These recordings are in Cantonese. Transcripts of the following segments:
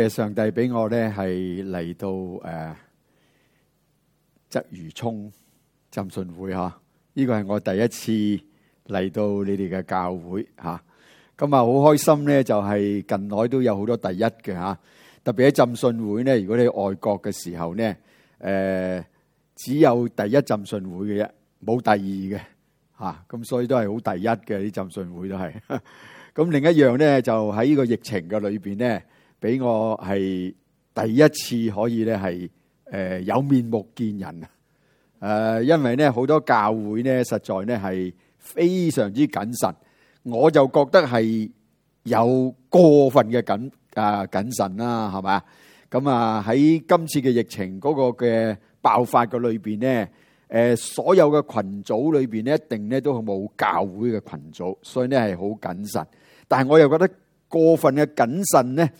嘅上帝俾我咧係嚟到誒鰂魚涌浸信會哈，依個係我第一次嚟到你哋嘅教會嚇。咁啊好開心咧，就係近來都有好多第一嘅嚇。特別喺浸信會咧，如果你去外國嘅時候咧，誒只有第一浸信會嘅啫，冇第二嘅嚇。咁所以都係好第一嘅啲浸信會都係。咁另一樣咧就喺依個疫情嘅裏邊咧。俾我係第一次可以咧係誒有面目見人啊！誒，因為咧好多教會咧，實在咧係非常之謹慎，我就覺得係有過分嘅謹啊謹慎啦，係咪啊？咁啊喺今次嘅疫情嗰個嘅爆發嘅裏邊咧，誒所有嘅群組裏邊咧，一定咧都係冇教會嘅群組，所以咧係好謹慎。但係我又覺得過分嘅謹慎咧。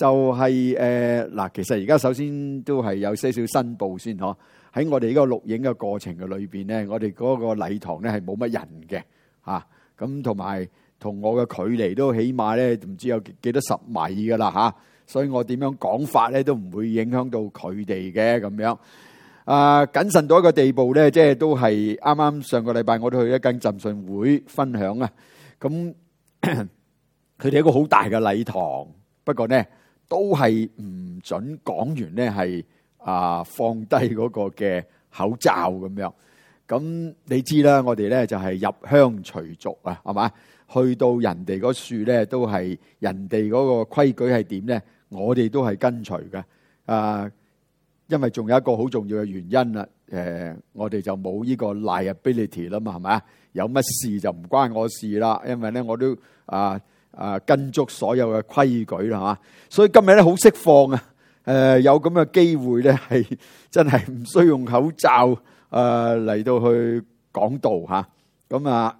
就係誒嗱，其實而家首先都係有些少申報先嗬。喺我哋呢個錄影嘅過程嘅裏邊咧，我哋嗰個禮堂咧係冇乜人嘅嚇，咁同埋同我嘅距離都起碼咧唔知有幾多十米噶啦嚇，所以我點樣講法咧都唔會影響到佢哋嘅咁樣。啊，謹慎到一個地步咧，即係都係啱啱上個禮拜我都去一間浸信會分享啊，咁佢哋一個好大嘅禮堂，不過咧。都係唔准講完咧，係啊，放低嗰個嘅口罩咁樣。咁你知啦，我哋咧就係入鄉隨俗啊，係嘛？去到人哋嗰處咧，都係人哋嗰個規矩係點咧，我哋都係跟隨嘅。啊，因為仲有一個好重要嘅原因啦。誒，我哋就冇呢個 liability 啦嘛，係咪？有乜事就唔關我事啦。因為咧，我都啊。啊，跟足所有嘅規矩啦，嚇！所以今日咧好釋放啊！誒，有咁嘅機會咧，係真係唔需要用口罩啊嚟到去講道嚇。咁啊，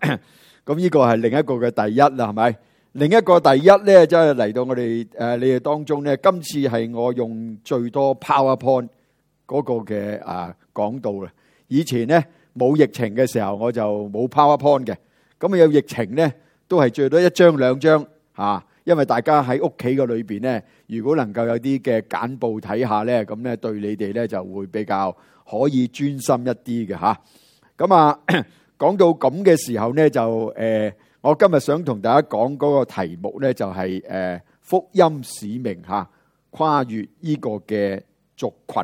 咁呢個係另一個嘅第一啦，係咪？另一個第一咧，即係嚟到我哋誒你哋當中咧，今次係我用最多 PowerPoint 嗰個嘅啊講道啦。以前咧冇疫情嘅時候，我就冇 PowerPoint 嘅。咁啊，有疫情咧，都係最多一張兩張嚇，因為大家喺屋企個裏邊呢，如果能夠有啲嘅簡報睇下呢，咁呢對你哋呢就會比較可以專心一啲嘅嚇。咁啊，講到咁嘅時候呢，就誒、呃，我今日想同大家講嗰個題目呢，就係、是、誒、呃、福音使命嚇、啊、跨越呢個嘅族群，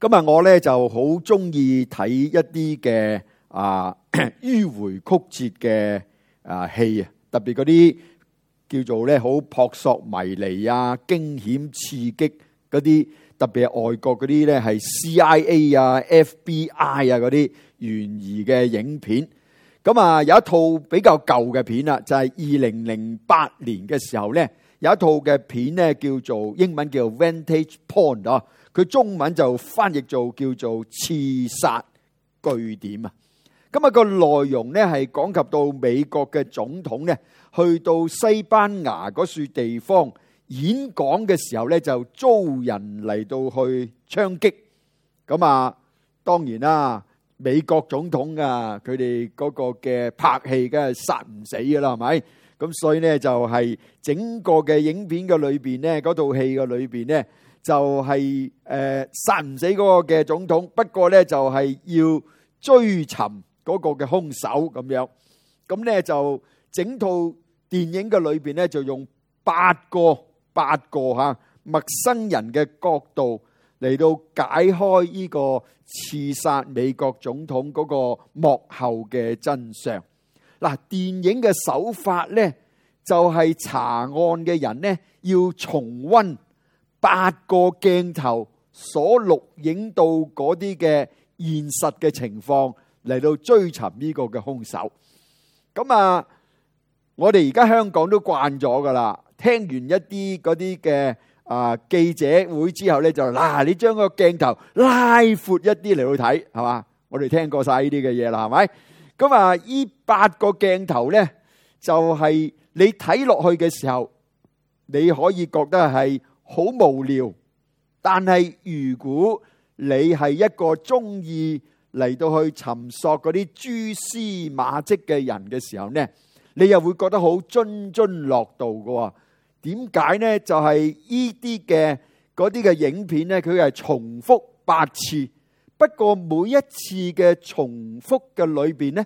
咁啊，我呢就好中意睇一啲嘅啊迂迴曲折嘅。啊，戲啊，特別嗰啲叫做咧好撲朔迷離啊，驚險刺激嗰啲，特別係外國嗰啲咧係 CIA 啊、FBI 啊嗰啲懸疑嘅影片。咁啊，有一套比較舊嘅片啊，就係二零零八年嘅時候咧，有一套嘅片咧叫做英文叫《Vantage Point》啊，佢中文就翻譯做叫做《刺殺據點》啊。咁啊個內容呢係講及到美國嘅總統呢，去到西班牙嗰處地方演講嘅時候呢，就遭人嚟到去槍擊。咁啊，當然啦，美國總統啊，佢哋嗰個嘅拍戲梗係殺唔死㗎喇，係咪？咁所以呢就係整個嘅影片嘅裏邊呢，嗰套戲嘅裏邊呢，就係誒殺唔死嗰個嘅總統。不過呢就係要追尋。嗰個嘅兇手咁樣咁呢，就整套電影嘅裏邊呢，就用八個八個吓陌生人嘅角度嚟到解開呢個刺殺美國總統嗰個幕後嘅真相。嗱，電影嘅手法呢，就係查案嘅人呢，要重溫八個鏡頭所錄影到嗰啲嘅現實嘅情況。嚟到追尋呢個嘅凶手，咁啊，我哋而家香港都慣咗噶啦。聽完一啲嗰啲嘅啊記者會之後咧，就嗱，你將個鏡頭拉闊一啲嚟去睇，係嘛？我哋聽過晒呢啲嘅嘢啦，係咪？咁啊，呢八個鏡頭咧，就係你睇落去嘅時候，你可以覺得係好無聊。但係如果你係一個中意，嚟到去尋索嗰啲蛛絲馬跡嘅人嘅時候呢，你又會覺得好津津樂道㗎喎。點解呢？就係依啲嘅啲嘅影片呢，佢係重複八次，不過每一次嘅重複嘅裏邊呢，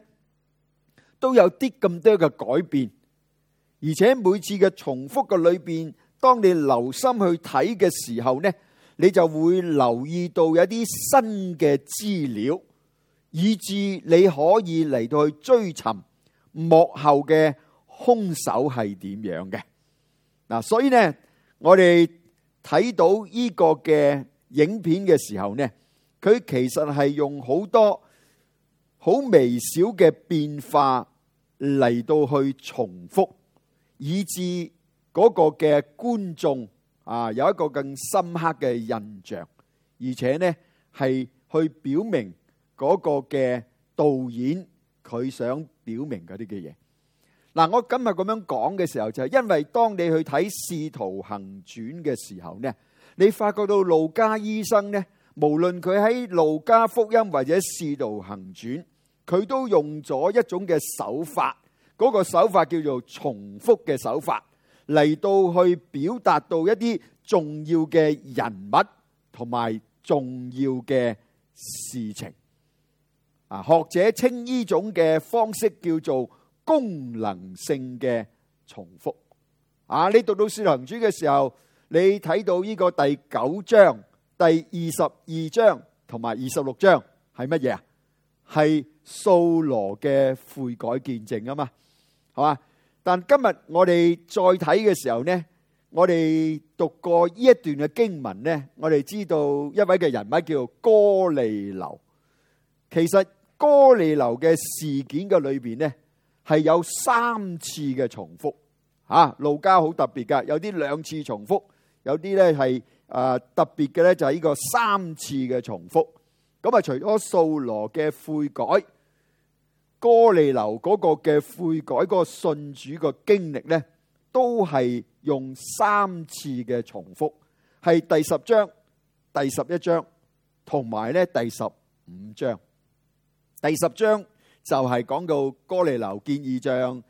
都有啲咁多嘅改變，而且每次嘅重複嘅裏邊，當你留心去睇嘅時候呢，你就會留意到有啲新嘅資料。以至你可以嚟到去追尋幕後嘅凶手係點樣嘅。嗱，所以呢，我哋睇到呢個嘅影片嘅時候呢，佢其實係用好多好微小嘅變化嚟到去重複，以致嗰個嘅觀眾啊有一個更深刻嘅印象，而且呢係去表明。嗰個嘅導演，佢想表明嗰啲嘅嘢。嗱，我今日咁樣講嘅時候，就係因為當你去睇《使徒行傳》嘅時候咧，你發覺到路加醫生咧，無論佢喺路加福音或者《使徒行傳》，佢都用咗一種嘅手法，嗰個手法叫做重複嘅手法嚟到去表達到一啲重要嘅人物同埋重要嘅事情。啊！學者稱呢種嘅方式叫做功能性嘅重複。啊！你讀到《使徒行傳》嘅時候，你睇到呢個第九章、第二十二章同埋二十六章係乜嘢啊？係掃羅嘅悔改見證啊嘛，係嘛？但今日我哋再睇嘅時候呢，我哋讀過呢一段嘅經文呢，我哋知道一位嘅人物叫哥尼流，其實。哥尼流嘅事件嘅裏邊咧，係有三次嘅重複，吓、啊、路加好特別噶，有啲兩次重複，有啲咧係誒特別嘅咧就係呢個三次嘅重複。咁啊，除咗掃羅嘅悔改，哥尼流嗰個嘅悔改，嗰個信主嘅經歷咧，都係用三次嘅重複，係第十章、第十一章同埋咧第十五章。第十章就係講到哥尼流見異象，呢、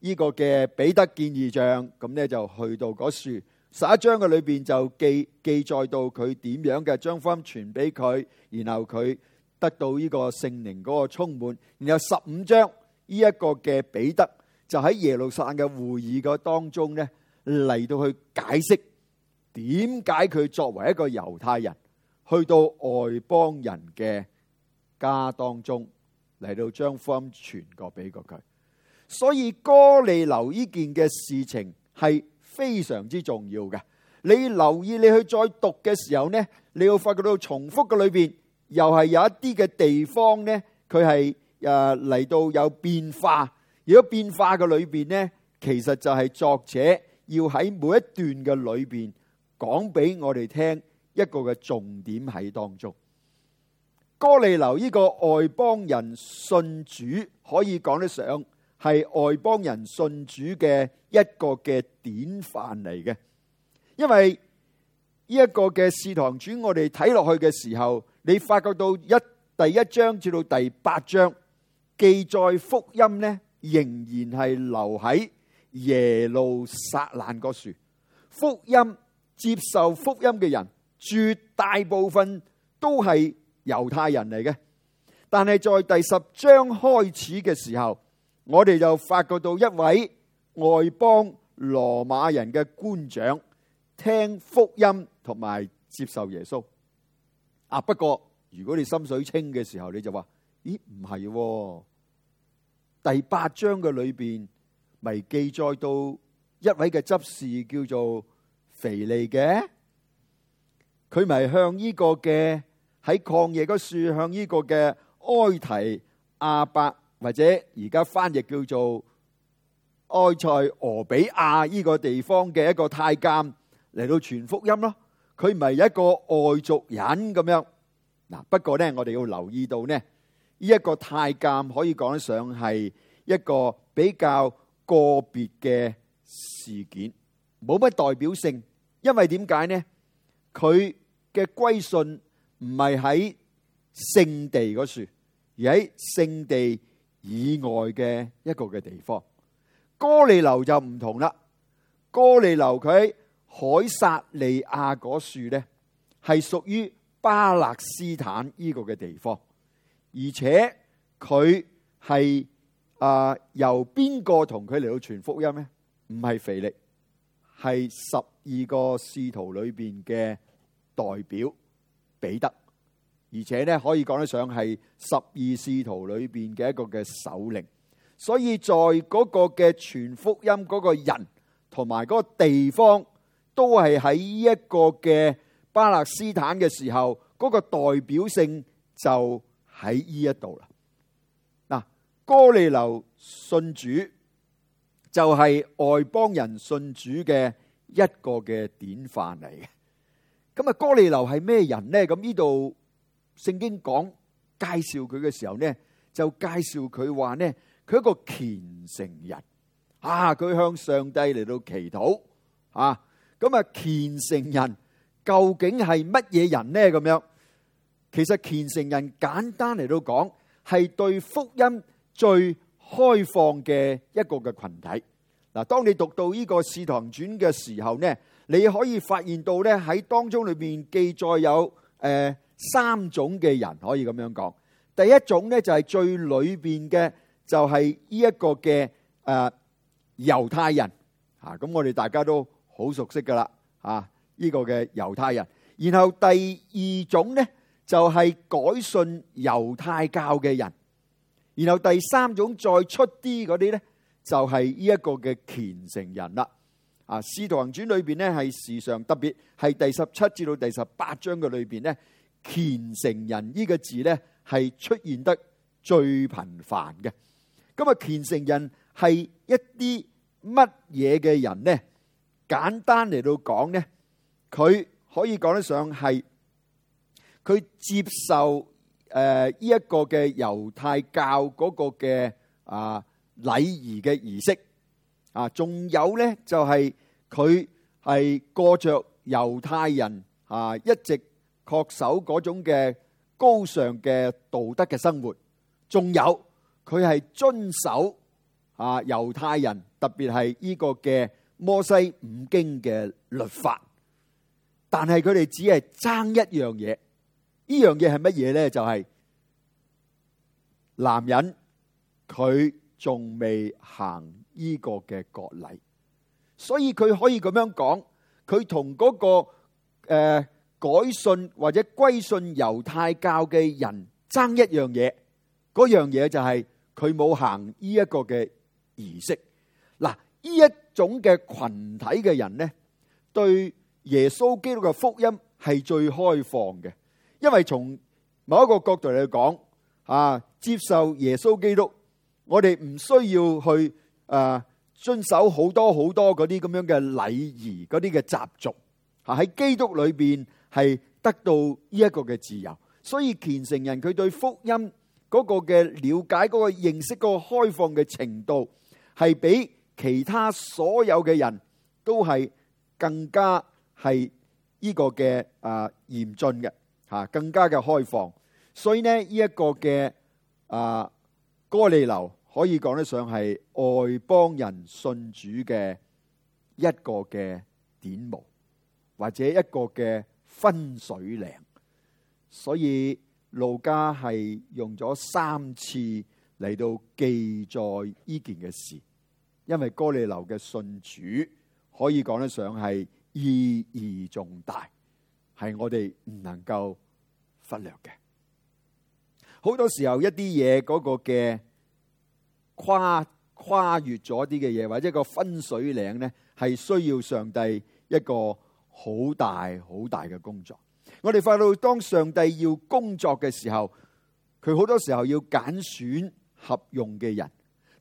呢個嘅彼得見異象。咁呢就去到嗰樹，十一章嘅裏邊就記記載到佢點樣嘅將福音傳俾佢，然後佢得到呢個聖靈嗰個充滿。然後十五章呢一、呢個嘅彼得就喺耶路撒冷嘅會議嘅當中呢，嚟到去解釋點解佢作為一個猶太人去到外邦人嘅。家當中嚟到將福音傳過俾個佢，所以哥利留呢件嘅事情係非常之重要嘅。你留意你去再讀嘅時候呢，你要發覺到重複嘅裏邊又係有一啲嘅地方呢，佢係誒嚟到有變化。如果變化嘅裏邊呢，其實就係作者要喺每一段嘅裏邊講俾我哋聽一個嘅重點喺當中。哥利樓呢個外邦人信主，可以講得上係外邦人信主嘅一個嘅典範嚟嘅。因為呢一個嘅使徒行傳，我哋睇落去嘅時候，你發覺到一第一章至到第八章記載福音呢，仍然係留喺耶路撒冷個樹。福音接受福音嘅人，絕大部分都係。猶太人嚟嘅，但係在第十章開始嘅時候，我哋就發覺到一位外邦羅馬人嘅官長聽福音同埋接受耶穌。啊，不過如果你心水清嘅時候，你就話，咦，唔係？第八章嘅裏邊咪記載到一位嘅執事叫做腓利嘅，佢咪向呢個嘅。喺曠野嗰樹向呢個嘅埃提阿伯，或者而家翻譯叫做埃塞俄比亞呢個地方嘅一個太監嚟到傳福音咯，佢唔係一個外族人咁樣。嗱，不過咧，我哋要留意到呢，呢、呢、一個太監可以講得上係一個比較個別嘅事件，冇乜代表性，因為點解呢？佢嘅歸信，唔係喺聖地嗰樹，而喺聖地以外嘅一個嘅地方。哥尼流就唔同啦。哥尼流佢喺海撒利亞嗰樹咧，係屬於巴勒斯坦呢個嘅地方，而且佢係啊由邊個同佢嚟到傳福音呢？唔係腓力，係十二個使徒裏邊嘅代表。彼得，而且呢，可以講得上係十二使徒裏邊嘅一個嘅首領，所以在嗰個嘅全福音嗰個人同埋嗰個地方，都係喺呢一個嘅巴勒斯坦嘅時候，嗰個代表性就喺呢一度啦。嗱，哥利流信主，就係外邦人信主嘅一個嘅典範嚟嘅。咁啊，哥利流係咩人呢？咁呢度聖經講介紹佢嘅時候呢，就介紹佢話呢，佢係一個虔誠人啊，佢向上帝嚟到祈禱啊。咁啊，虔誠人究竟係乜嘢人呢？咁樣，其實虔誠人簡單嚟到講，係對福音最開放嘅一個嘅群體。嗱，當你讀到呢個使徒傳嘅時候呢，你可以發現到咧，喺當中裏邊記載，有誒三種嘅人可以咁樣講。第一種咧，就係最裏邊嘅就係呢一個嘅誒猶太人吓，咁我哋大家都好熟悉㗎喇吓呢個嘅猶太人。然後第二種咧，就係改信猶太教嘅人。然後第三種再出啲嗰啲咧，就係呢一個嘅虔誠人啦。啊，《使徒行傳》裏邊咧係時常特別係第十七至到第十八章嘅裏邊咧，虔誠人呢個字咧係出現得最頻繁嘅。咁啊，虔誠人係一啲乜嘢嘅人咧？簡單嚟到講咧，佢可以講得上係佢接受誒呢一個嘅猶太教個嘅啊禮儀嘅儀式。啊，仲有咧，就係佢係過着猶太人啊，一直恪守嗰種嘅高尚嘅道德嘅生活。仲有佢係遵守啊猶太人，特別係呢個嘅摩西五經嘅律法。但係佢哋只係爭一樣嘢，呢樣嘢係乜嘢咧？就係男人，佢仲未行。呢個嘅國禮，所以佢可以咁樣講，那個，佢同嗰個誒改信或者歸信猶太教嘅人爭一樣嘢，嗰樣嘢就係佢冇行呢一個嘅儀式。嗱，呢一種嘅群體嘅人呢，對耶穌基督嘅福音係最開放嘅，因為從某一個角度嚟講啊，接受耶穌基督，我哋唔需要去。誒、啊，遵守好多好多嗰啲咁樣嘅禮儀，嗰啲嘅習俗，吓喺基督裏邊係得到呢一個嘅自由。所以虔誠人佢對福音嗰個嘅了解，嗰個認識，嗰個開放嘅程度，係比其他所有嘅人都係更加係呢個嘅啊嚴峻嘅吓，更加嘅開放。所以呢呢一個嘅啊哥尼流。可以講得上係外邦人信主嘅一個嘅典模，或者一個嘅分水嶺。所以路加係用咗三次嚟到記載呢件嘅事，因為哥尼流嘅信主可以講得上係意義重大，係我哋唔能夠忽略嘅。好多時候一啲嘢嗰個嘅。跨跨越咗啲嘅嘢，或者個分水嶺咧，係需要上帝一個好大好大嘅工作。我哋發覺到當上帝要工作嘅時候，佢好多時候要揀選合用嘅人。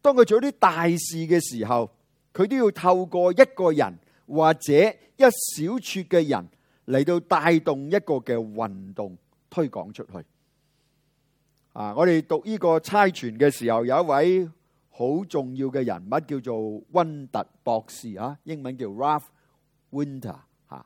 當佢做啲大事嘅時候，佢都要透過一個人或者一小撮嘅人嚟到帶動一個嘅運動推廣出去。啊！我哋讀呢個差傳嘅時候，有一位。好重要嘅人物叫做溫特博士啊，英文叫 Ralph Winter 嚇。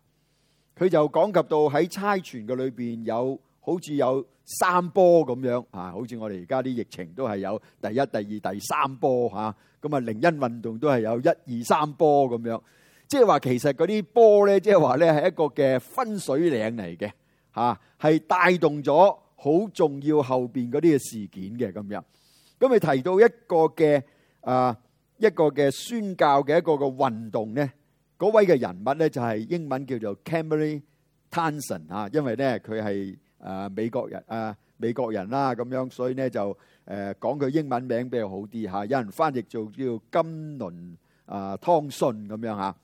佢就講及到喺差傳嘅裏邊有好似有三波咁樣嚇，好似我哋而家啲疫情都係有第一、第二、第三波嚇。咁啊，靈恩運動都係有一二三波咁樣。即係話其實嗰啲波咧，即係話咧係一個嘅分水嶺嚟嘅嚇，係帶動咗好重要後邊嗰啲嘅事件嘅咁樣。咁你提到一個嘅啊一個嘅宣教嘅一個嘅運動咧，嗰位嘅人物咧就係英文叫做 Cameron Townsend 啊，因為咧佢係啊美國人啊美國人啦咁樣，所以咧就誒講佢英文名比較好啲嚇，有人翻譯做叫金輪啊湯信咁樣嚇。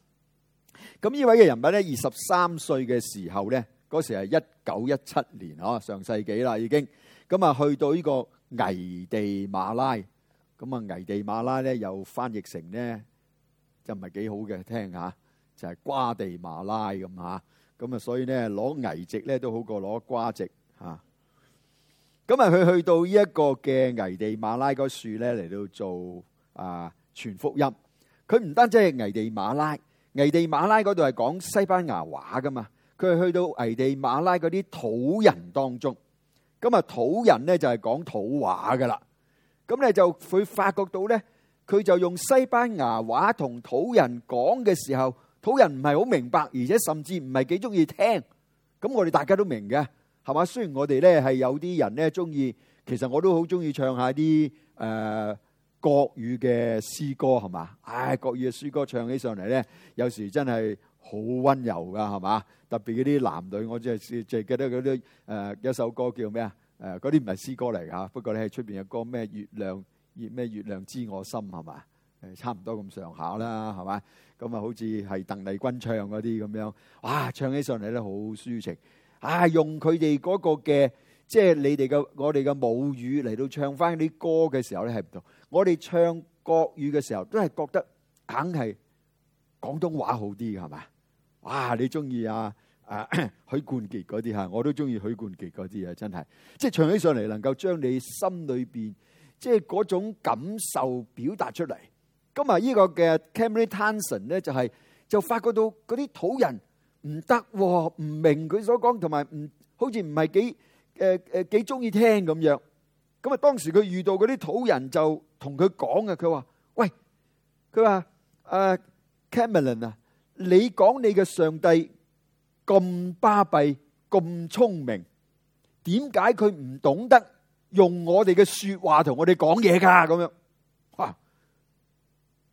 咁呢位嘅人物咧，二十三歲嘅時候咧，嗰時係一九一七年嗬上世紀啦已經，咁啊去到呢個。危地馬拉，咁啊危地馬拉咧又翻譯成咧就唔係幾好嘅聽吓，就係瓜地馬拉咁吓，咁啊所以咧攞危籍咧都好過攞瓜籍吓。咁啊佢去到呢一個嘅危地馬拉嗰樹咧嚟到做啊傳福音，佢唔單止係危地馬拉，危地馬拉嗰度係講西班牙話噶嘛，佢係去到危地馬拉嗰啲土人當中。咁啊，土人咧就係講土話噶啦，咁你就會發覺到咧，佢就用西班牙話同土人講嘅時候，土人唔係好明白，而且甚至唔係幾中意聽。咁我哋大家都明嘅，係嘛？雖然我哋咧係有啲人咧中意，其實我都好中意唱下啲誒國語嘅詩歌，係嘛？唉，國語嘅詩歌唱起上嚟咧，有時真係好溫柔噶，係嘛？特別嗰啲男女，我只係最記得嗰啲誒一首歌叫咩啊？誒嗰啲唔係詩歌嚟㗎，不過咧出邊嘅歌咩月亮，咩月亮知我心係嘛？誒差唔多咁上下啦，係嘛？咁啊，好似係鄧麗君唱嗰啲咁樣，哇！唱起上嚟咧好抒情，啊用佢哋嗰個嘅，即係你哋嘅我哋嘅母語嚟到唱翻啲歌嘅時候咧係唔同。我哋唱國語嘅時候都係覺得梗係廣東話好啲嘅，係嘛？哇！你中意啊？啊！許冠傑嗰啲吓，我都中意許冠傑嗰啲嘢，真係即係唱起上嚟，能夠將你心裏邊即係嗰種感受表達出嚟。咁啊，呢個嘅 Cameron Tanson 咧就係就發覺到嗰啲土人唔得，唔明佢所講，同埋唔好似唔係幾誒誒幾中意聽咁樣。咁啊，當時佢遇到嗰啲土人就同佢講啊，佢話喂，佢話誒，Cameron 啊，你講你嘅上帝，咁巴閉，咁聰明，點解佢唔懂得用我哋嘅說話同我哋講嘢噶？咁樣，哇！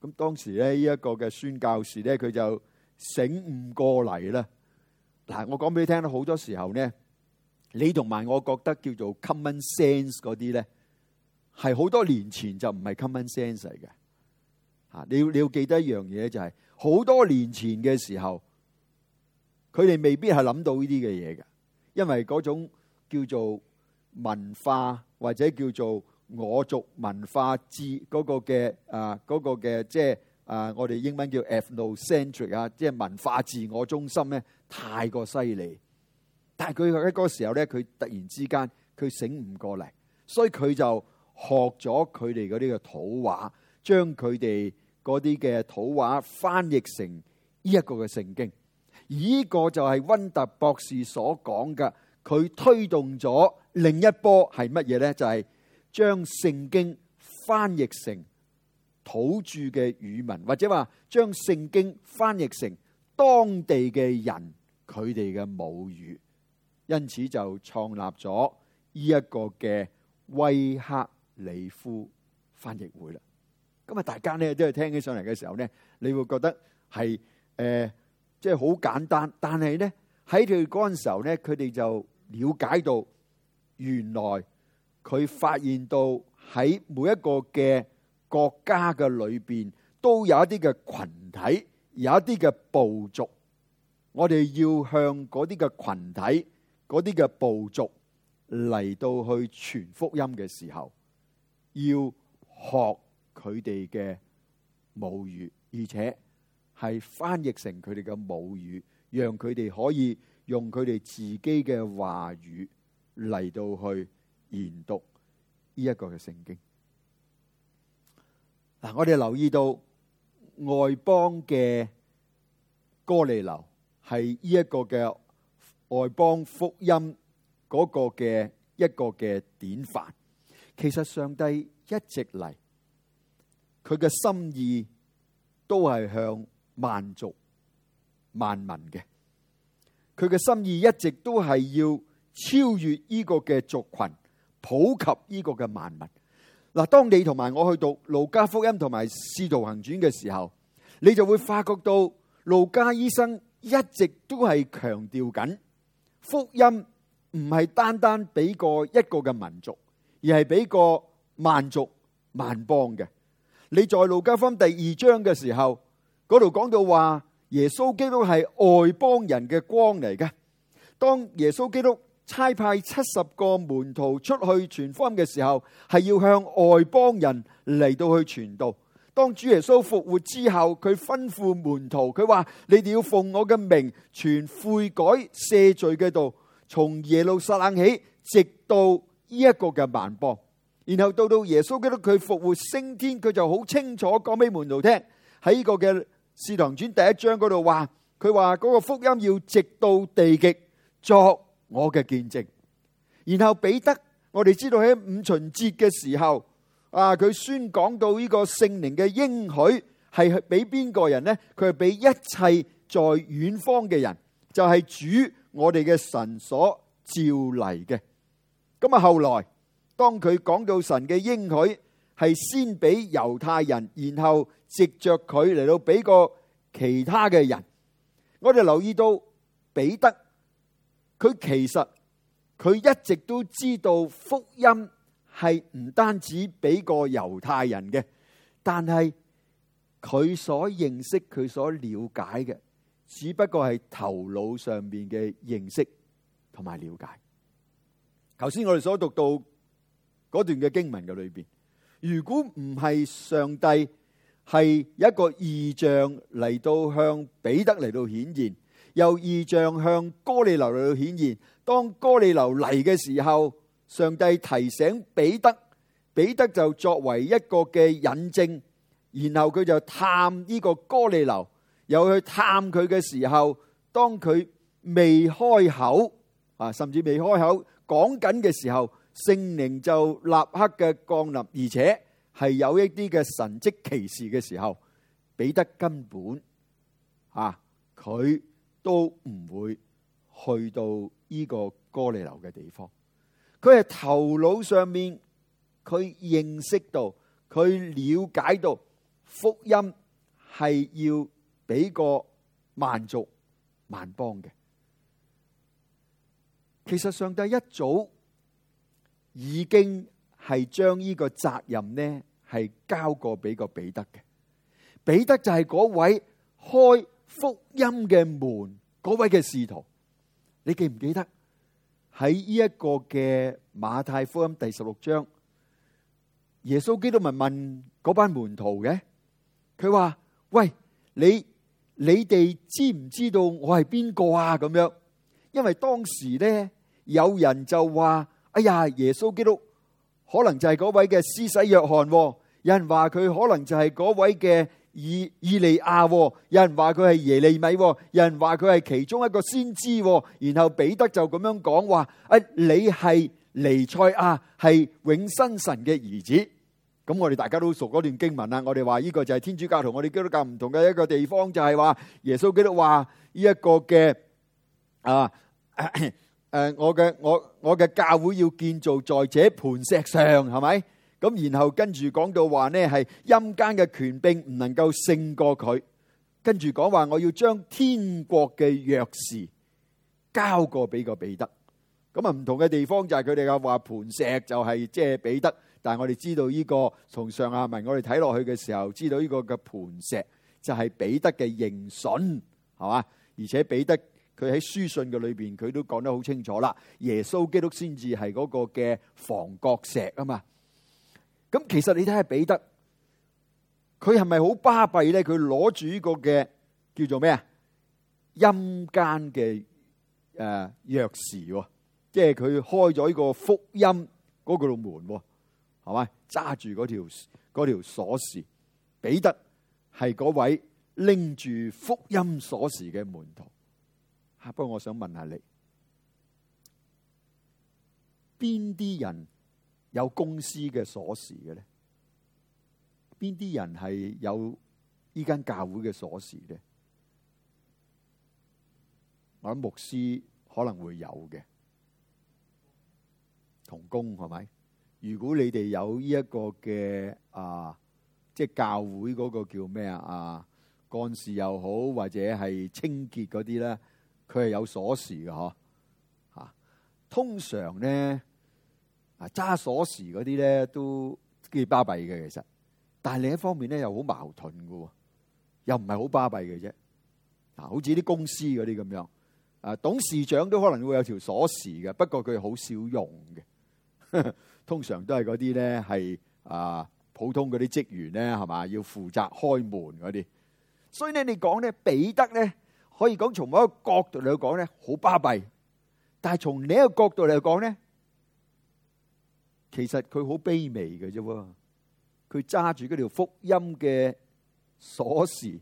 咁當時咧，呢一個嘅宣教士咧，佢就醒悟過嚟啦。嗱，我講俾你聽啦，好多時候咧，你同埋我覺得叫做 common sense 嗰啲咧，係好多年前就唔係 common sense 嚟嘅。吓，你要你要記得一樣嘢，就係好多年前嘅時候。佢哋未必係諗到呢啲嘅嘢嘅，因為種叫做文化或者叫做我族文化自嗰個嘅啊，嗰個嘅即係啊我哋英文叫 ethnocentric 啊，即係文化自我中心咧太過犀利。但係佢喺嗰個時候咧，佢突然之間佢醒唔過嚟，所以佢就學咗佢哋嗰啲嘅土話，將佢哋嗰啲嘅土話翻譯成呢一個嘅聖經。依個就係溫特博士所講嘅，佢推動咗另一波係乜嘢咧？就係將聖經翻譯成土著嘅語文，或者話將聖經翻譯成當地嘅人佢哋嘅母語，因此就創立咗呢一個嘅威克里夫翻譯會啦。咁啊，大家咧都係聽起上嚟嘅時候咧，你會覺得係誒。呃即係好簡單，但係咧喺佢嗰陣時候咧，佢哋就了解到原來佢發現到喺每一個嘅國家嘅裏邊都有一啲嘅群體，有一啲嘅部族。我哋要向嗰啲嘅群體、嗰啲嘅部族嚟到去傳福音嘅時候，要學佢哋嘅母語，而且。係翻譯成佢哋嘅母語，讓佢哋可以用佢哋自己嘅話語嚟到去研讀呢一個嘅聖經。嗱，我哋留意到外邦嘅哥尼流係呢一個嘅外邦福音嗰個嘅一個嘅典範。其實上帝一直嚟，佢嘅心意都係向。萬族萬民嘅，佢嘅心意一直都係要超越呢個嘅族群，普及呢個嘅萬民。嗱，當你同埋我去讀《路加福音》同埋《使徒行傳》嘅時候，你就會發覺到路加醫生一直都係強調緊福音唔係單單俾過一個嘅民族，而係俾過萬族萬邦嘅。你在《路加福音》第二章嘅時候。嗰度講到話，耶穌基督係外邦人嘅光嚟嘅。當耶穌基督差派七十個門徒出去傳福音嘅時候，係要向外邦人嚟到去傳道。當主耶穌復活之後，佢吩咐門徒，佢話：你哋要奉我嘅名傳悔改、赦罪嘅道，從耶路撒冷起，直到呢一個嘅萬邦。然後到到耶穌基督佢復活升天，佢就好清楚講俾門徒聽，喺呢個嘅。使徒行傳第一章嗰度話，佢話嗰個福音要直到地極作我嘅見證。然後彼得，我哋知道喺五旬節嘅時候，啊，佢宣講到呢個聖靈嘅應許係俾邊個人呢？佢係俾一切在遠方嘅人，就係、是、主我哋嘅神所召嚟嘅。咁啊，後來當佢講到神嘅應許係先俾猶太人，然後。藉着佢嚟到俾個其他嘅人，我哋留意到彼得，佢其實佢一直都知道福音係唔單止俾個猶太人嘅，但係佢所認識佢所了解嘅，只不過係頭腦上面嘅認識同埋了解。頭先我哋所讀到嗰段嘅經文嘅裏面，如果唔係上帝。係一個異象嚟到向彼得嚟到顯現，由異象向哥尼流嚟到顯現。當哥尼流嚟嘅時候，上帝提醒彼得，彼得就作為一個嘅引證，然後佢就探呢個哥尼流，又去探佢嘅時候，當佢未開口啊，甚至未開口講緊嘅時候，聖靈就立刻嘅降臨，而且。係有一啲嘅神蹟奇事嘅時候，彼得根本啊，佢都唔會去到呢個哥尼流嘅地方。佢係頭腦上面，佢認識到，佢了解到福音係要俾個萬族萬邦嘅。其實上帝一早已經。係將呢個責任呢係交過俾個彼得嘅，彼得就係嗰位開福音嘅門，嗰位嘅使徒。你記唔記得喺呢一個嘅馬太福音第十六章，耶穌基督咪問嗰班門徒嘅？佢話：喂，你你哋知唔知道我係邊個啊？咁樣，因為當時呢有人就話：哎呀，耶穌基督。可能就係嗰位嘅施洗約翰，有人話佢可能就係嗰位嘅以以利亞，有人話佢係耶利米，有人話佢係其中一個先知。然後彼得就咁樣講話：誒，你係尼賽亞，係永生神嘅兒子。咁我哋大家都熟嗰段經文啦。我哋話呢個就係天主教同我哋基督教唔同嘅一個地方，就係話耶穌基督話呢一個嘅啊。誒，我嘅我我嘅教會要建造在這磐石上，係咪？咁然後跟住講到話呢，係陰間嘅權柄唔能夠勝過佢。跟住講話，我要將天國嘅鑰匙交過俾個彼得。咁啊，唔同嘅地方就係佢哋嘅話磐石就係即係彼得，但係我哋知道呢個從上下文我哋睇落去嘅時候，知道呢個嘅磐石就係彼得嘅認信，係嘛？而且彼得。佢喺書信嘅裏邊，佢都講得好清楚啦。耶穌基督先至係嗰個嘅房角石啊嘛。咁其實你睇下彼得，佢係咪好巴閉咧？佢攞住呢個嘅叫做咩啊？陰間嘅誒鑰匙喎，即係佢開咗呢個福音嗰個門喎，係嘛？揸住嗰條嗰條鎖匙，彼得係嗰位拎住福音鎖匙嘅門徒。不過我想問下你，邊啲人有公司嘅鎖匙嘅咧？邊啲人係有依間教會嘅鎖匙咧？我諗牧師可能會有嘅，同工係咪？如果你哋有呢一個嘅啊，即係教會嗰個叫咩啊？啊，幹事又好，或者係清潔嗰啲咧？佢係有鎖匙嘅嗬，嚇、啊、通常咧揸鎖匙嗰啲咧都幾巴閉嘅其實，但係另一方面咧又好矛盾嘅喎，又唔係好巴閉嘅啫。嗱，好似啲公司嗰啲咁樣，啊董事長都可能會有條鎖匙嘅，不過佢好少用嘅，通常都係嗰啲咧係啊普通嗰啲職員咧，係嘛，要負責開門嗰啲，所以咧你講咧彼得咧。可以講從某一個角度嚟講咧，好巴閉；但係從另一個角度嚟講咧，其實佢好卑微嘅啫。佢揸住嗰條福音嘅鎖匙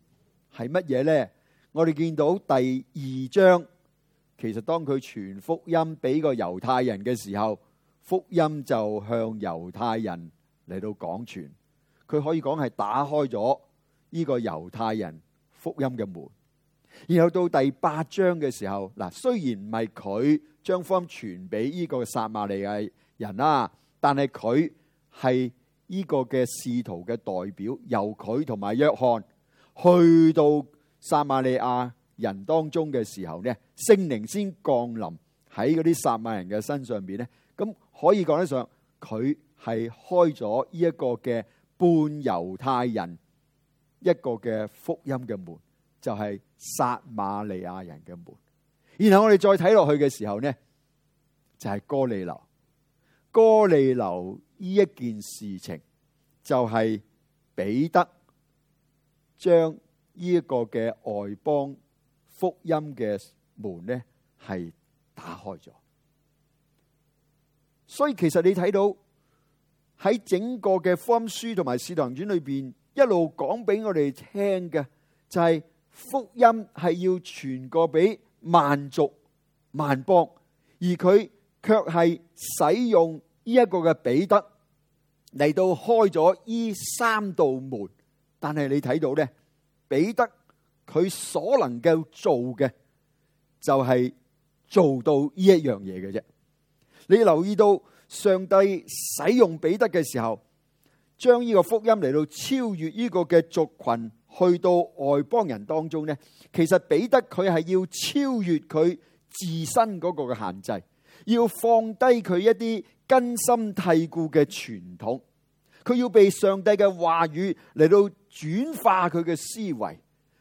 係乜嘢咧？我哋見到第二章，其實當佢傳福音俾個猶太人嘅時候，福音就向猶太人嚟到講傳。佢可以講係打開咗呢個猶太人福音嘅門。然後到第八章嘅時候，嗱，雖然唔係佢將福音傳俾呢個撒瑪利亞人啦，但係佢係呢個嘅使徒嘅代表，由佢同埋約翰去到撒瑪利亞人當中嘅時候咧，聖靈先降臨喺嗰啲撒瑪人嘅身上邊咧，咁可以講得上佢係開咗呢一個嘅半猶太人一個嘅福音嘅門。就係撒瑪利亞人嘅門，然後我哋再睇落去嘅時候呢，就係哥尼流，哥尼流呢一件事情就係彼得將呢一個嘅外邦福音嘅門呢係打開咗，所以其實你睇到喺整個嘅福音書同埋使徒行傳裏邊一路講俾我哋聽嘅就係、是。福音係要傳過俾萬族萬邦，而佢卻係使用呢一個嘅彼得嚟到開咗呢三道門。但係你睇到咧，彼得佢所能夠做嘅就係做到呢一樣嘢嘅啫。你留意到上帝使用彼得嘅時候，將呢個福音嚟到超越呢個嘅族群。去到外邦人當中呢，其實彼得佢係要超越佢自身嗰個嘅限制，要放低佢一啲根深蒂固嘅傳統，佢要被上帝嘅話語嚟到轉化佢嘅思維，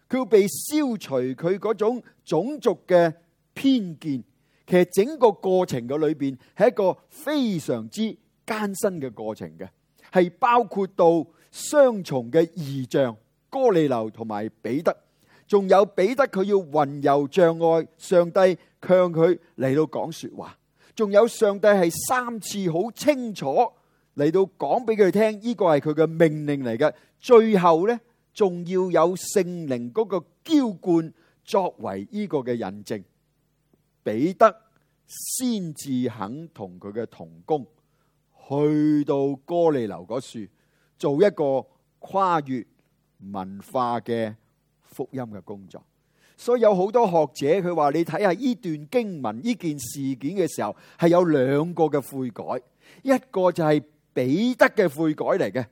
佢要被消除佢嗰種種族嘅偏見。其實整個過程嘅裏邊係一個非常之艱辛嘅過程嘅，係包括到雙重嘅異象。哥尼流同埋彼得，仲有彼得佢要魂遊障礙，上帝向佢嚟到講說話，仲有上帝係三次好清楚嚟到講俾佢聽，依個係佢嘅命令嚟嘅。最後咧，仲要有聖靈嗰個澆灌作為依個嘅印證，彼得先至肯同佢嘅同工去到哥尼流嗰處做一個跨越，文化嘅福音嘅工作，所以有好多學者佢話，你睇下呢段經文呢件事件嘅時候，係有兩個嘅悔改，一個就係彼得嘅悔改嚟嘅。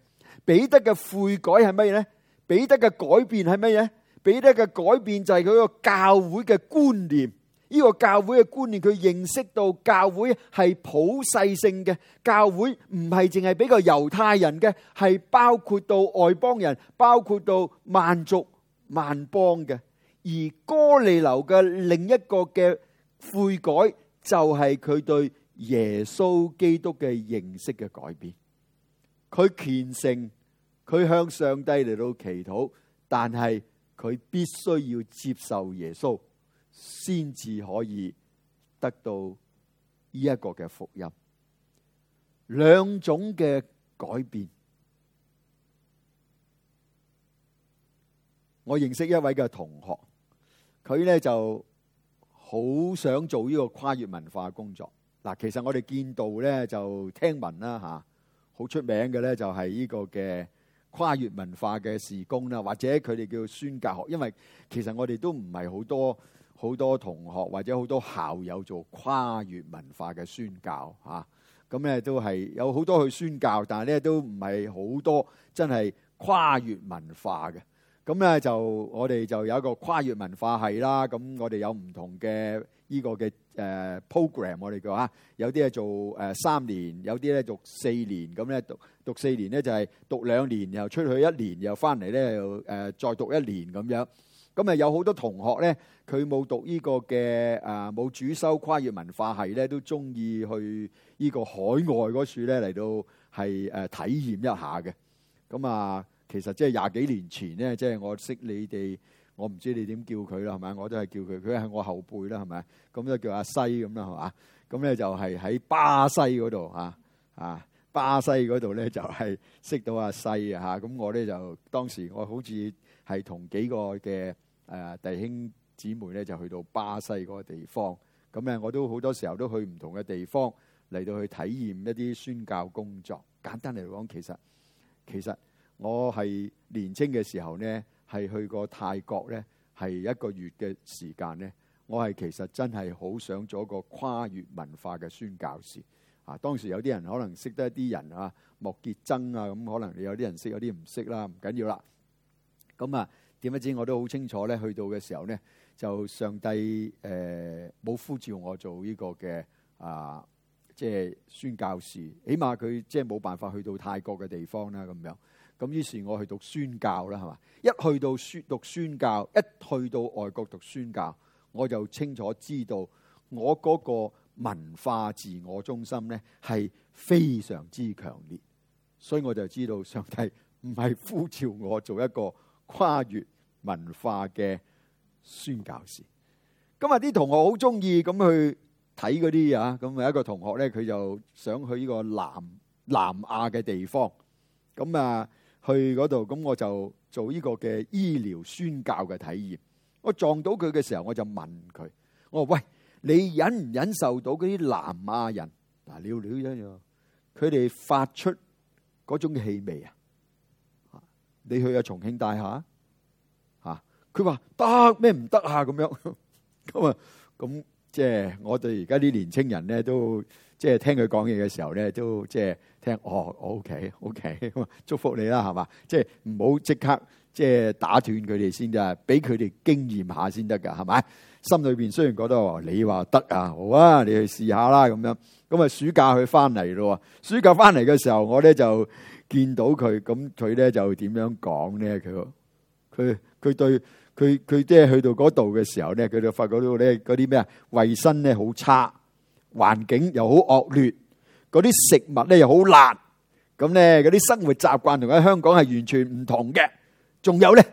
彼得嘅悔改係乜嘢咧？彼得嘅改變係乜嘢咧？彼得嘅改變就係佢個教會嘅觀念。呢個教會嘅觀念，佢認識到教會係普世性嘅，教會唔係淨係俾個猶太人嘅，係包括到外邦人，包括到萬族萬邦嘅。而哥尼流嘅另一個嘅悔改，就係佢對耶穌基督嘅認識嘅改變。佢虔誠，佢向上帝嚟到祈禱，但係佢必須要接受耶穌。先至可以得到呢一個嘅福音，兩種嘅改變。我認識一位嘅同學，佢咧就好想做呢個跨越文化嘅工作。嗱，其實我哋見到咧就聽聞啦吓，好出名嘅咧就係呢個嘅跨越文化嘅事工啦，或者佢哋叫宣教學。因為其實我哋都唔係好多。好多同學或者好多校友做跨越文化嘅宣教嚇，咁、啊、咧、嗯、都係有好多去宣教，但係咧都唔係好多真係跨越文化嘅。咁、嗯、咧就我哋就有一個跨越文化係啦。咁、啊嗯、我哋有唔同嘅呢、這個嘅誒、呃、program，我哋叫嚇、啊，有啲係做誒三、呃、年，有啲咧讀四年。咁、嗯、咧讀讀四年咧就係、是、讀兩年，又出去一年，又後翻嚟咧又再讀一年咁樣。咁咪有好多同學咧，佢冇讀呢個嘅啊，冇主修跨越文化系咧，都中意去呢個海外嗰處咧嚟到係誒體驗一下嘅。咁啊，其實即係廿幾年前咧，即係我識你哋，我唔知你點叫佢啦，係咪？我都係叫佢，佢係我後輩啦，係咪？咁就叫阿西咁啦，係嘛？咁咧就係喺巴西嗰度啊啊，巴西嗰度咧就係識到阿西啊，咁我咧就當時我好似係同幾個嘅。誒弟兄姊妹咧就去到巴西嗰個地方，咁誒我都好多時候都去唔同嘅地方嚟到去體驗一啲宣教工作。簡單嚟講，其實其實我係年輕嘅時候呢，係去過泰國呢，係一個月嘅時間呢。我係其實真係好想做一個跨越文化嘅宣教士。啊，當時有啲人可能識得一啲人啊，莫傑曾啊，咁可能你有啲人識，有啲唔識、啊、啦，唔緊要啦。咁啊～點解知我都好清楚咧，去到嘅時候咧，就上帝誒冇、呃、呼召我做呢個嘅啊，即係宣教士。起碼佢即係冇辦法去到泰國嘅地方啦，咁樣。咁於是我去讀宣教啦，係嘛？一去到宣讀宣教，一去到外國讀宣教，我就清楚知道我嗰個文化自我中心咧係非常之強烈，所以我就知道上帝唔係呼召我做一個跨越文化嘅宣教士，咁啊啲同學好中意咁去睇嗰啲啊，咁啊一個同學咧佢就想去呢個南南亞嘅地方，咁啊去嗰度，咁我就做呢個嘅醫療宣教嘅體驗。我撞到佢嘅時候，我就問佢：我話喂，你忍唔忍受到嗰啲南亞人嗱了了咁樣，佢哋發出嗰種氣味啊？你去啊，重慶大廈？佢話得咩唔得啊？咁樣咁啊？咁即係我哋而家啲年青人咧，都即係、就是、聽佢講嘢嘅時候咧，都即係、就是、聽哦。O K O K，祝福你啦，係嘛？即係唔好即刻即係、就是、打斷佢哋先啫，俾佢哋經驗下先得㗎，係咪？心裏邊雖然覺得話你話得啊，好啊，你去試下啦咁樣。咁啊，暑假佢翻嚟咯。暑假翻嚟嘅時候，我咧就。見到佢咁，佢咧就點樣講咧？佢佢佢對佢佢即係去到嗰度嘅時候咧，佢就發覺到咧嗰啲咩啊，衞生咧好差，環境又好惡劣，嗰啲食物咧又好辣，咁咧嗰啲生活習慣同喺香港係完全唔同嘅。仲有咧，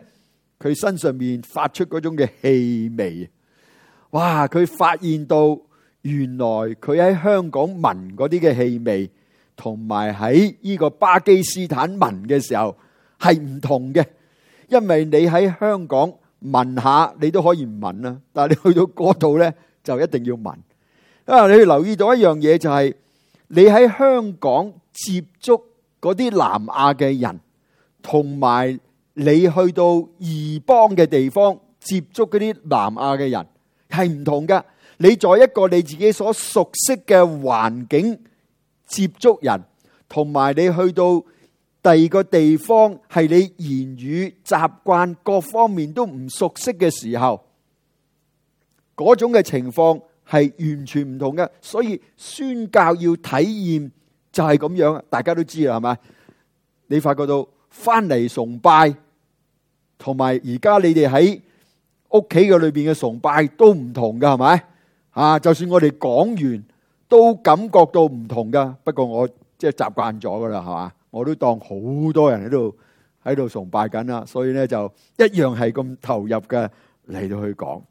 佢身上面發出嗰種嘅氣味，哇！佢發現到原來佢喺香港聞嗰啲嘅氣味。同埋喺呢個巴基斯坦聞嘅時候係唔同嘅，因為你喺香港聞下，你都可以唔聞啦。但係你去到嗰度呢，就一定要聞。啊，你留意到一樣嘢就係，你喺香港接觸嗰啲南亞嘅人，同埋你去到異邦嘅地方接觸嗰啲南亞嘅人係唔同㗎。你在一個你自己所熟悉嘅環境，接觸人，同埋你去到第二個地方，係你言語習慣各方面都唔熟悉嘅時候，嗰種嘅情況係完全唔同嘅。所以宣教要體驗就係咁樣，大家都知啦，係咪？你發覺到翻嚟崇拜，同埋而家你哋喺屋企嘅裏邊嘅崇拜都唔同㗎，係咪？啊，就算我哋講完。都感覺到唔同噶，不過我即係習慣咗噶啦，係嘛？我都當好多人喺度喺度崇拜緊啦，所以咧就一樣係咁投入嘅嚟到去講。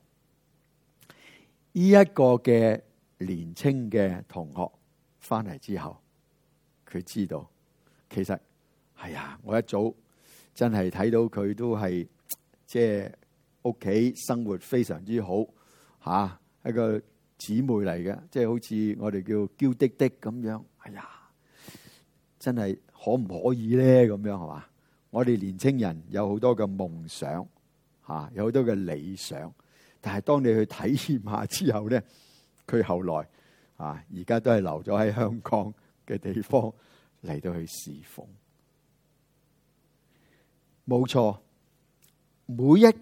呢一個嘅年輕嘅同學翻嚟之後，佢知道其實係啊，我一早真係睇到佢都係即係屋企生活非常之好吓一個。姊妹嚟嘅，即係好似我哋叫嬌滴滴咁樣。哎呀，真係可唔可以咧？咁樣係嘛？我哋年青人有好多嘅夢想，吓有好多嘅理想，但係當你去體驗下之後咧，佢後來啊，而家都係留咗喺香港嘅地方嚟到去侍奉。冇錯，每一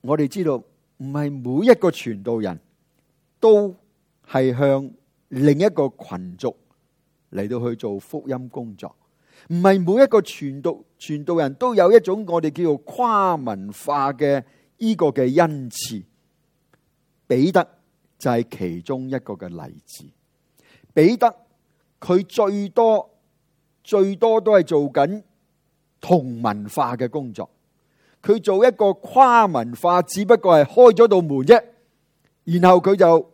我哋知道唔係每一個傳道人。都係向另一個群族嚟,到去做福音工作，唔係每一個傳道傳道人都有一種我哋叫做跨文化嘅呢個嘅恩賜。彼得就係其中一個嘅例子。彼得佢最多最多都係做緊同文化嘅工作，佢做一個跨文化，只不過係開咗道門啫，然後佢就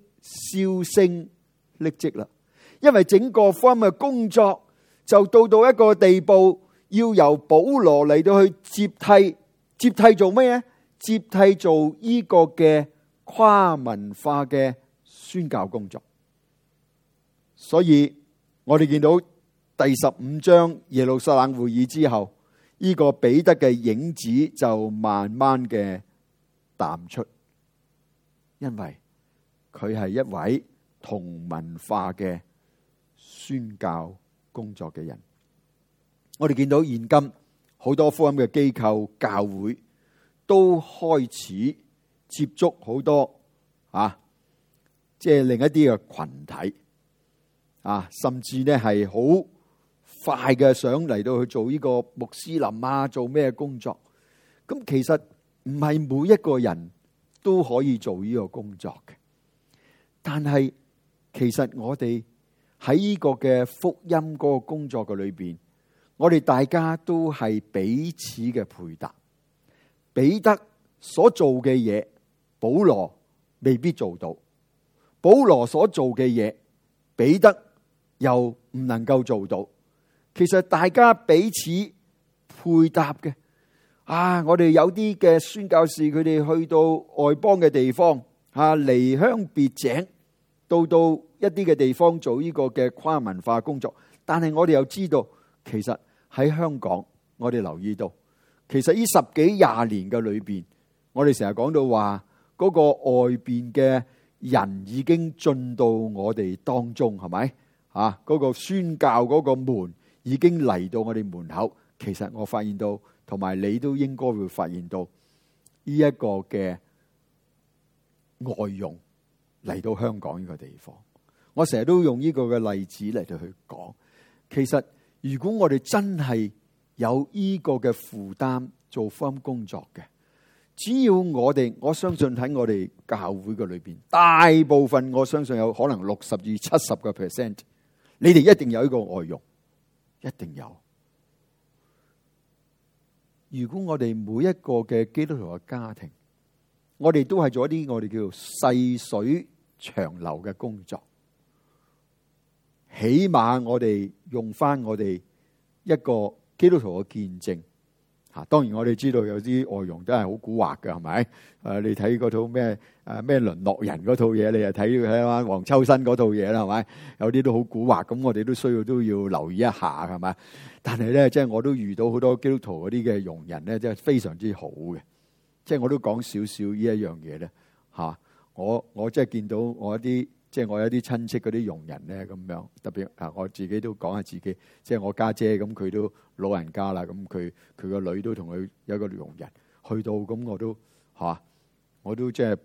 銷聲匿迹啦，因為整個方面嘅工作就到到一個地步，要由保羅嚟到去接替，接替做咩嘢？接替做呢個嘅跨文化嘅宣教工作。所以我哋見到第十五章耶路撒冷會議之後，呢個彼得嘅影子就慢慢嘅淡出，因為。佢係一位同文化嘅宣教工作嘅人，我哋見到現今好多福音嘅機構教會都開始接觸好多啊，即係另一啲嘅群體啊，甚至咧係好快嘅想嚟到去做呢個穆斯林啊，做咩工作？咁其實唔係每一個人都可以做呢個工作嘅。但係，其實我哋喺呢個嘅福音嗰個工作嘅裏邊，我哋大家都係彼此嘅配搭。彼得所做嘅嘢，保羅未必做到；保羅所做嘅嘢，彼得又唔能夠做到。其實大家彼此配搭嘅。啊，我哋有啲嘅宣教士，佢哋去到外邦嘅地方，啊，離鄉別井。到到一啲嘅地方做呢個嘅跨文化工作，但係我哋又知道，其實喺香港，我哋留意到，其實呢十幾廿年嘅裏邊，我哋成日講到話，嗰個外邊嘅人已經進到我哋當中，係咪啊？嗰個宣教嗰個門已經嚟到我哋門口，其實我發現到，同埋你都應該會發現到呢一個嘅外傭。嚟到香港呢個地方，我成日都用呢個嘅例子嚟到去講。其實如果我哋真係有呢個嘅負擔做福音工作嘅，只要我哋，我相信喺我哋教會嘅裏邊，大部分我相信有可能六十至七十個 percent，你哋一定有一個外傭，一定有。如果我哋每一個嘅基督徒嘅家庭，我哋都係做一啲我哋叫做細水，長流嘅工作，起碼我哋用翻我哋一個基督徒嘅見證吓、啊。當然我哋知道有啲外傭都係好古惑嘅，係咪？誒、啊，你睇嗰套咩誒咩淪落人嗰套嘢，你又睇睇下黃秋生嗰套嘢啦，係咪？有啲都好古惑，咁我哋都需要都要留意一下，係咪？但係咧，即、就、係、是、我都遇到好多基督徒嗰啲嘅傭人咧，即、就、係、是、非常之好嘅。即、就、係、是、我都講少少呢一樣嘢咧，吓、啊。我我即係見到我一啲即係我一啲親戚嗰啲傭人咧，咁樣，特別啊我自己都講下自己，即係我家姐咁，佢都老人家啦，咁佢佢個女都同佢一個傭人，去到咁我都嚇，我都即係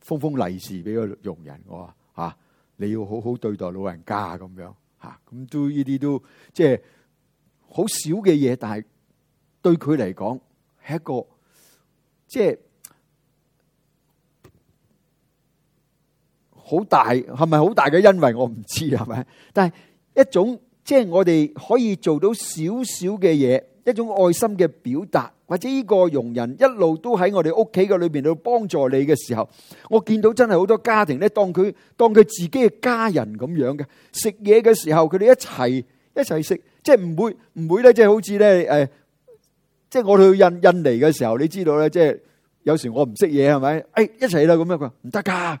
封封利是俾個傭人，我話，你要好好對待老人家咁樣嚇，咁都呢啲都即係好少嘅嘢，但係對佢嚟講係一個即係。好大係咪好大嘅恩惠？我唔知係咪。但係一種即係我哋可以做到少少嘅嘢，一種愛心嘅表達，或者呢個傭人一路都喺我哋屋企嘅裏邊度幫助你嘅時候，我見到真係好多家庭咧，當佢當佢自己嘅家人咁樣嘅食嘢嘅時候，佢哋一齊一齊食，即係唔會唔會咧，即係好似咧誒，即係我哋去印印尼嘅時候，你知道咧，即係有時我唔識嘢係咪？誒，一齊啦咁樣，佢話唔得噶。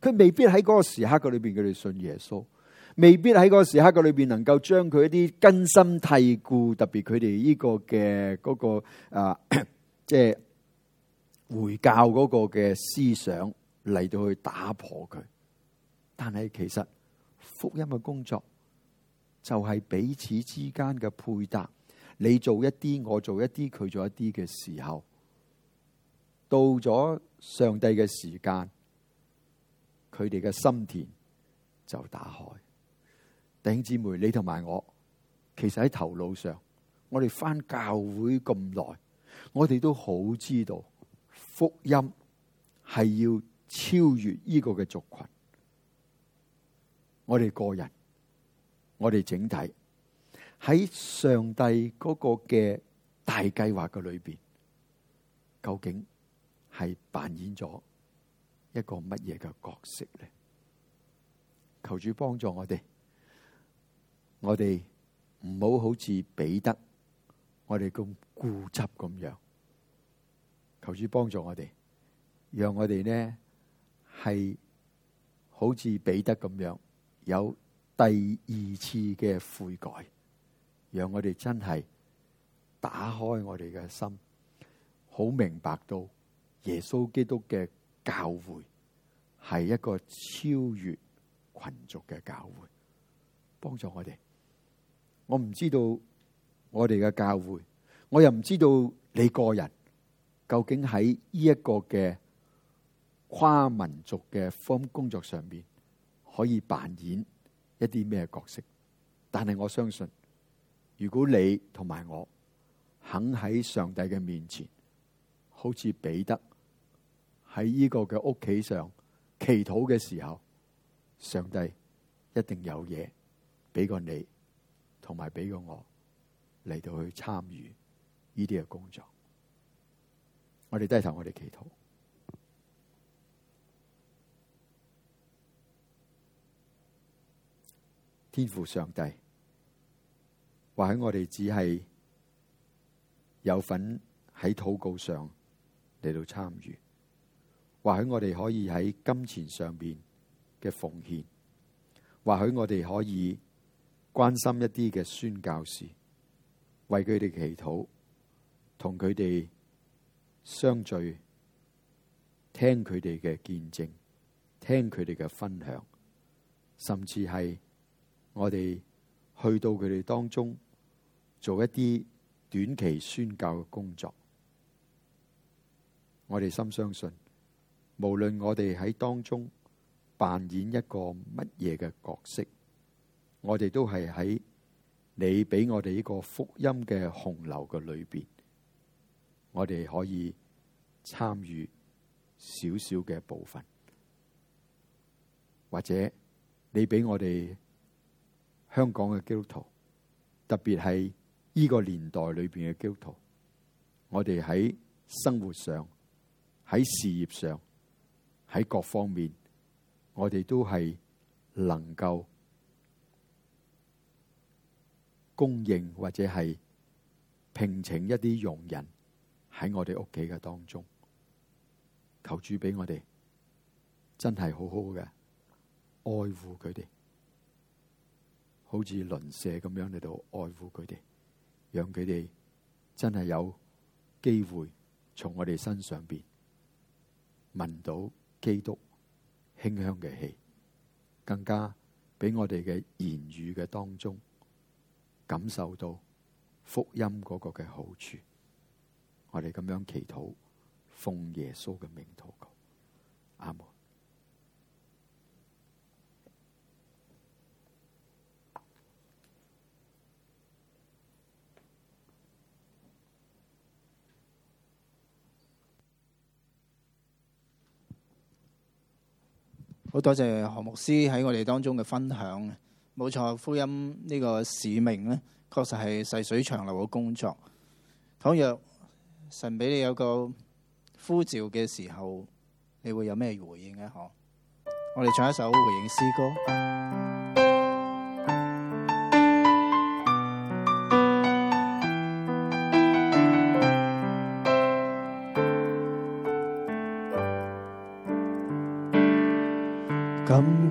佢未必喺嗰個時刻嘅裏邊，佢哋信耶穌，未必喺嗰個時刻嘅裏邊能夠將佢一啲根深蒂固，特別佢哋呢個嘅嗰個啊，即係回教嗰個嘅思想嚟到去打破佢。但係其實福音嘅工作就係彼此之間嘅配搭，你做一啲，我做一啲，佢做一啲嘅時候，到咗上帝嘅時間。佢哋嘅心田就打開，弟兄姊妹，你同埋我，其實喺頭腦上，我哋返教會咁耐，我哋都好知道福音係要超越呢個嘅族群。我哋個人，我哋整體喺上帝嗰個嘅大計劃嘅裏邊，究竟係扮演咗。一個乜嘢嘅角色咧？求主幫助我哋，我哋唔好好似彼得，我哋咁固執咁樣。求主幫助我哋，讓我哋呢係好似彼得咁樣，有第二次嘅悔改。讓我哋真係打開我哋嘅心，好明白到耶穌基督嘅。教會係一個超越群族嘅教會，幫助我哋，我唔知道我哋嘅教會，我又唔知道你個人究竟喺呢一個嘅跨民族嘅方工作上面可以扮演一啲咩角色，但係我相信，如果你同埋我肯喺上帝嘅面前，好似彼得，喺呢個嘅屋企上祈禱嘅時候，上帝一定有嘢俾過你，同埋俾過我嚟到去參與呢啲嘅工作。我哋低頭，我哋祈禱，天父上帝，或許我哋只係有份喺禱告上嚟到參與。或許我哋可以喺金錢上邊嘅奉獻，或許我哋可以關心一啲嘅宣教士，為佢哋祈禱，同佢哋相聚，聽佢哋嘅見證，聽佢哋嘅分享，甚至係我哋去到佢哋當中做一啲短期宣教嘅工作。我哋深相信，無論我哋喺當中扮演一個乜嘢嘅角色，我哋都係喺你俾我哋呢個福音嘅洪流嘅裏邊，我哋可以參與少少嘅部分，或者你俾我哋香港嘅基督徒，特別係呢個年代裏邊嘅基督徒，我哋喺生活上喺事業上。喺各方面，我哋都係能夠供應或者係聘請一啲傭人喺我哋屋企嘅當中，求主俾我哋真係好好嘅愛護佢哋，好似鄰舍咁樣嚟到愛護佢哋，讓佢哋真係有機會從我哋身上邊聞到。基督馨香嘅氣，更加俾我哋嘅言語嘅當中感受到福音嗰個嘅好處。我哋咁樣祈禱，奉耶穌嘅名禱告，阿門。好多謝何牧師喺我哋當中嘅分享，冇錯，福音呢個使命咧，確實係細水長流嘅工作。倘若神俾你有個呼召嘅時候，你會有咩回應呢？嗬，我哋唱一首回應詩歌。